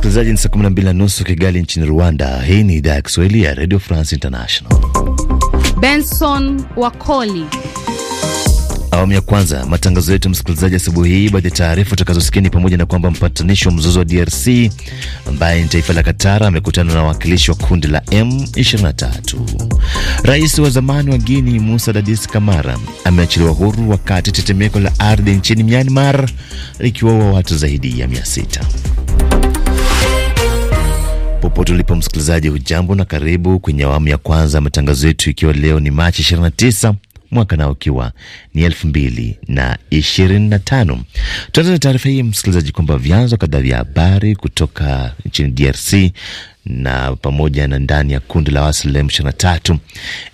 Msikilizaji, ni saa 12 na nusu Kigali nchini Rwanda. Hii ni idhaa ya Kiswahili ya Radio France International. Benson Wakoli Awamu ya kwanza matangazo yetu msikilizaji asubuhi hii. Baadhi ya taarifa utakazosikia ni pamoja na kwamba mpatanishi wa mzozo wa DRC ambaye ni taifa la Katara amekutana na wawakilishi wa kundi la M23. Rais wa zamani wa Guini Musa Dadis Kamara ameachiliwa huru, wakati tetemeko la ardhi nchini Myanmar likiwaua watu zaidi ya 600. Popote ulipo msikilizaji, hujambo na karibu kwenye awamu ya kwanza ya matangazo yetu, ikiwa leo ni Machi 29 mwaka nao ukiwa ni elfu mbili na ishirini na tano. Tuanza na taarifa hii msikilizaji, kwamba vyanzo kadhaa vya habari kutoka nchini DRC na pamoja na ndani ya kundi la waasi la M23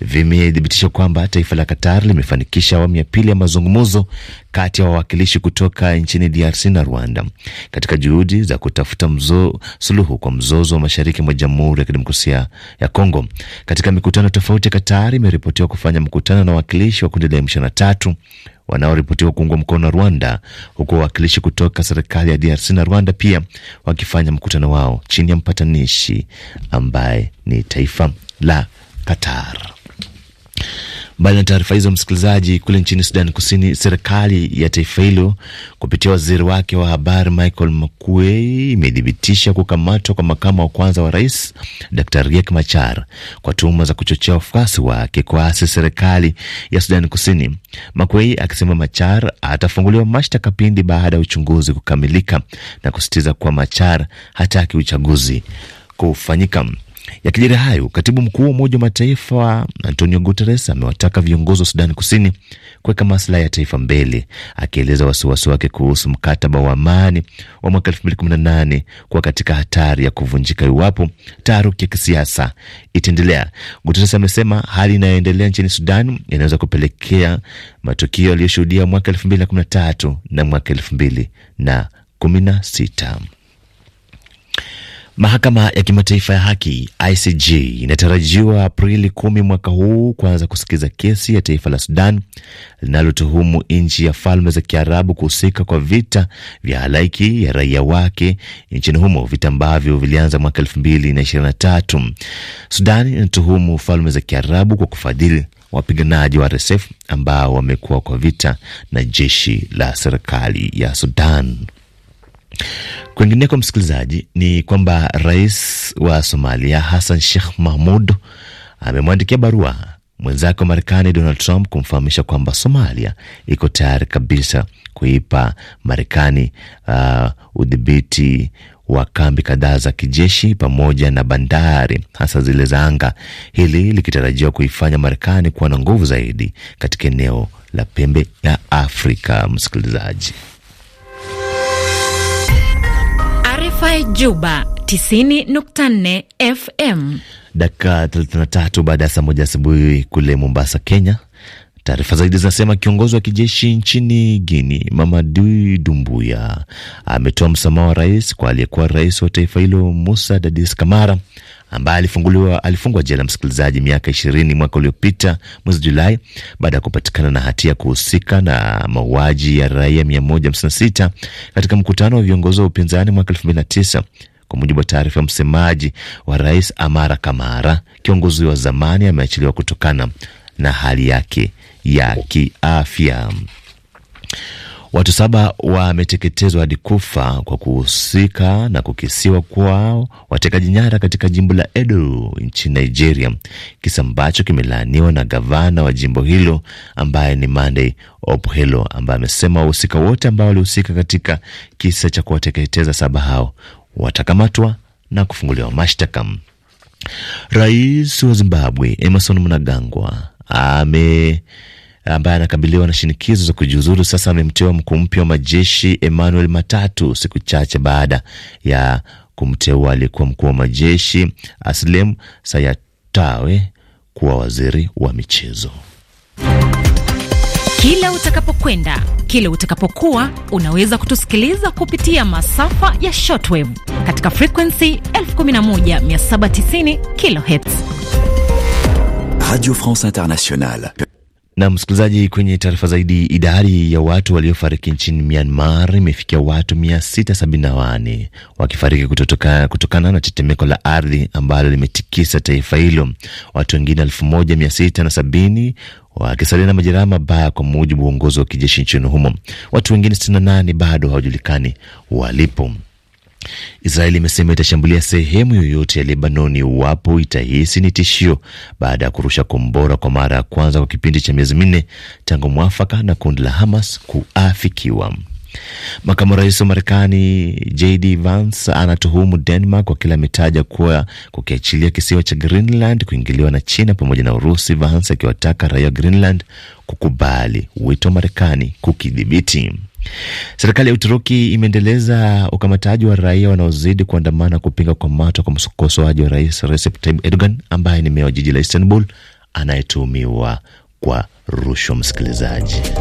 vimethibitisha kwamba taifa la Qatar limefanikisha awamu ya pili ya mazungumzo kati ya wawakilishi kutoka nchini DRC na Rwanda katika juhudi za kutafuta mzo, suluhu kwa mzozo wa mashariki mwa Jamhuri ya Kidemokrasia ya Kongo. Katika mikutano tofauti, Qatar imeripotiwa kufanya mkutano na wawakilishi wa kundi la M23 wanaoripotiwa kuungwa mkono na Rwanda, huku wawakilishi kutoka serikali ya DRC na Rwanda pia wakifanya mkutano wao chini ya mpatanishi ambaye ni taifa la Qatar. Mbali na taarifa hizo, msikilizaji, kule nchini Sudan Kusini, serikali ya taifa hilo kupitia waziri wake wa habari Michael Makuei imethibitisha kukamatwa kwa makamu wa kwanza wa rais Dr Riek Machar kwa tuhuma za kuchochea wafuasi wake kuasi serikali ya Sudan Kusini, Makuei akisema Machar atafunguliwa mashtaka pindi baada ya uchunguzi kukamilika na kusisitiza kuwa Machar hataki uchaguzi kufanyika. Yakijiri hayo, katibu mkuu wa Umoja wa Mataifa Antonio Guterres amewataka viongozi wa Sudani Kusini kuweka maslahi ya taifa mbele, akieleza wasiwasi wake kuhusu mkataba wa amani wa mwaka 2018 kuwa katika hatari ya kuvunjika iwapo taharuki ya kisiasa itaendelea. Guterres amesema hali inayoendelea nchini sudani inaweza kupelekea matukio yaliyoshuhudia mwaka 2013 na mwaka 2016. Mahakama ya Kimataifa ya Haki ICJ inatarajiwa Aprili kumi mwaka huu kuanza kusikiza kesi ya taifa la Sudan linalotuhumu nchi ya Falme za Kiarabu kuhusika kwa vita vya halaiki ya raia wake nchini humo, vita ambavyo vilianza mwaka elfu mbili na ishirini na tatu. Sudan inatuhumu Falme za Kiarabu kwa kufadhili wapiganaji wa RSF ambao wamekuwa kwa vita na jeshi la serikali ya Sudan. Kwingineko msikilizaji, ni kwamba rais wa Somalia Hassan Sheikh Mahmud amemwandikia barua mwenzake wa Marekani Donald Trump kumfahamisha kwamba Somalia iko tayari kabisa kuipa Marekani uh, udhibiti wa kambi kadhaa za kijeshi pamoja na bandari hasa zile za anga, hili likitarajiwa kuifanya Marekani kuwa na nguvu zaidi katika eneo la pembe ya Afrika. Msikilizaji. RFI Juba 90.4 FM. Dakika 33 baada ya saa moja asubuhi kule Mombasa, Kenya. Taarifa zaidi zinasema kiongozi wa kijeshi nchini Guini, Mamadu Dumbuya ametoa msamaha wa rais kwa aliyekuwa rais wa taifa hilo Musa Dadis Kamara ambaye alifunguliwa alifungwa jela msikilizaji, miaka ishirini mwaka uliopita mwezi Julai baada ya kupatikana na hatia kuhusika na mauaji ya raia 156 katika mkutano wa viongozi wa upinzani mwaka 2009 kwa mujibu wa taarifa ya msemaji wa rais Amara Kamara, kiongozi wa zamani ameachiliwa kutokana na hali yake ya kiafya. Watu saba wameteketezwa hadi kufa kwa kuhusika na kukisiwa kuwa watekaji nyara katika jimbo la Edo nchini Nigeria, kisa ambacho kimelaaniwa na gavana wa jimbo hilo ambaye ni Monday Ophelo, ambaye amesema wahusika wote ambao walihusika katika kisa cha kuwateketeza saba hao watakamatwa na kufunguliwa mashtaka. Rais wa Zimbabwe Emerson Mnangagwa ame ambaye anakabiliwa na shinikizo za kujiuzulu sasa amemteua mkuu mpya wa majeshi Emmanuel Matatu siku chache baada ya kumteua aliyekuwa mkuu wa majeshi Aslem Sayatawe kuwa waziri wa michezo. Kila utakapokwenda, kila utakapokuwa, unaweza kutusikiliza kupitia masafa ya shortwave katika frequency 11790 kilohertz. Radio France Internationale. Na msikilizaji, kwenye taarifa zaidi, idadi ya watu waliofariki nchini Myanmar imefikia watu 678 wakifariki kutoka, kutokana na tetemeko la ardhi ambalo limetikisa taifa hilo, watu wengine 1670 wakisalia na majeraha mabaya, kwa mujibu wa uongozi wa kijeshi nchini humo. Watu wengine 68 bado hawajulikani walipo. Israeli imesema itashambulia sehemu yoyote ya Lebanoni iwapo itahisi ni tishio baada ya kurusha kombora kwa mara ya kwanza kwa kipindi cha miezi minne tangu mwafaka na kundi la Hamas kuafikiwa. Makamu rais wa Marekani JD Vance anatuhumu Denmark kwa kile ametaja kuwa kukiachilia kisiwa cha Greenland kuingiliwa na China pamoja na Urusi, Vance akiwataka raia wa Greenland kukubali wito wa Marekani kukidhibiti. Serikali ya Uturuki imeendeleza ukamataji wa raia wanaozidi kuandamana kupinga kukamatwa kwa mkosoaji wa rais Recep Tayyip Erdogan ambaye ni meya wa jiji la Istanbul anayetuhumiwa kwa rushwa. Msikilizaji